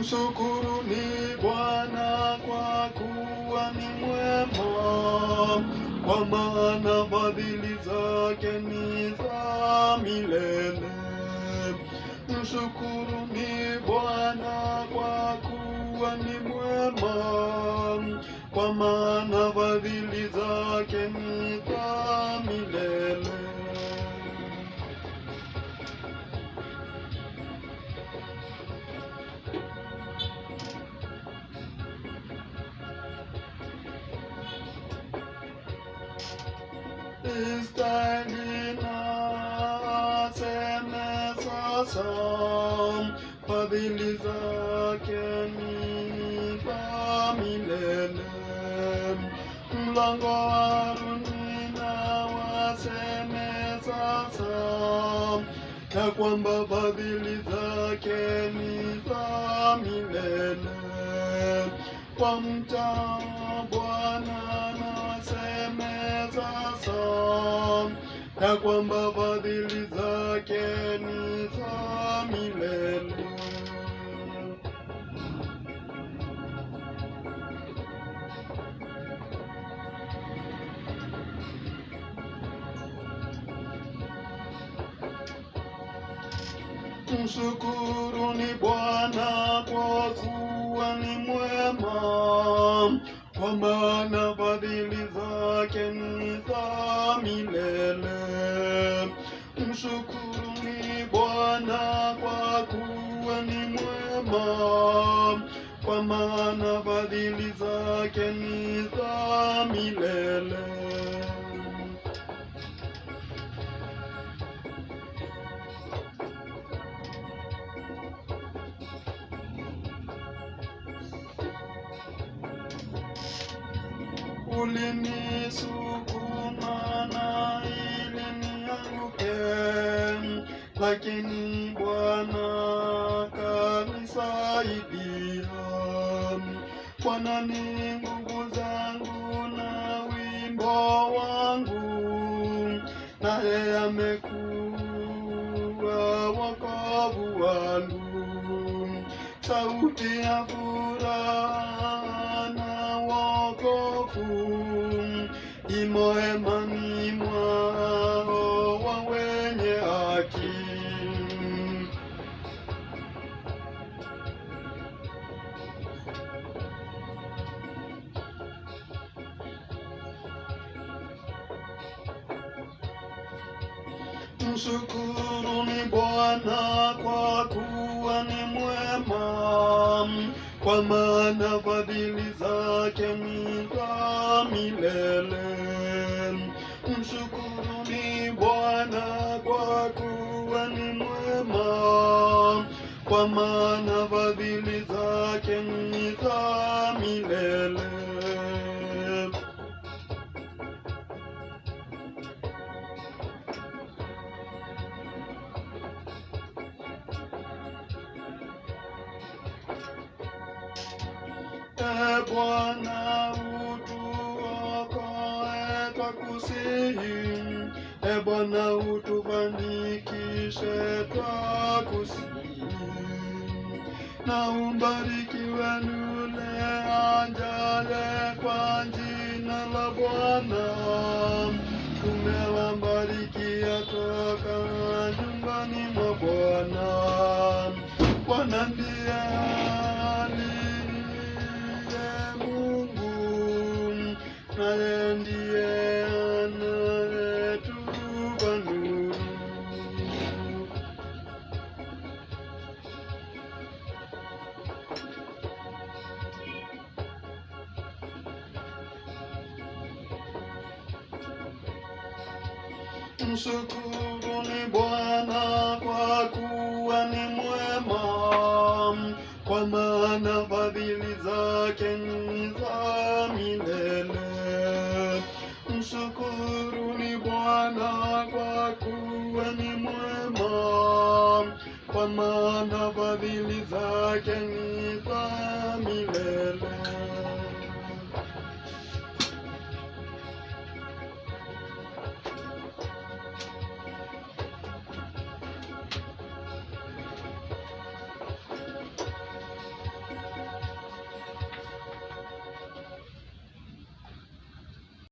Mshukuru ni Bwana kwa kuwa ni mwema, kwa maana fadhili zake ni za milele. Mshukuru ni Bwana kwa kuwa ni mwema, kwa maana fadhili zake ni za milele. Fadhili zake ni za milele, mlango wa runina waseme sasa ya kwamba fadhili zake ni za milele. Kwa mtao Bwana naseme sasa na kwamba fadhili zake ni za milele. ni Bwana kwa kuwa ni mwema, kwa maana fadhili zake ni za milele. ni Bwana kwa kuwa ni mwema, kwa maana fadhili zake ni za milele. Ulinisuru lakini Bwana kanisaidia. Bwana ni nguvu zangu na wimbo wangu, naye amekuwa wokovu wangu, sauti ya furaha na wokovu imo hemani mwangu Mshukuruni Bwana kwa kuwa ni mwema, kwa maana fadhili zake ni za milele. Mshukuruni Bwana kwa kuwa ni mwema, kwa maana Bwana utuokoe, twakusihi. E Bwana utufanikishe, twakusihi. Na umbarikiwe yule ajaye kwa jina la Bwana. Tumewabarikia toka nyumbani mwa Bwana. Bwana ndiye naye ndiye anayetupa nuru. Mshukuruni Bwana kwa kuwa ni mwema, kwa maana zamana badili zake ni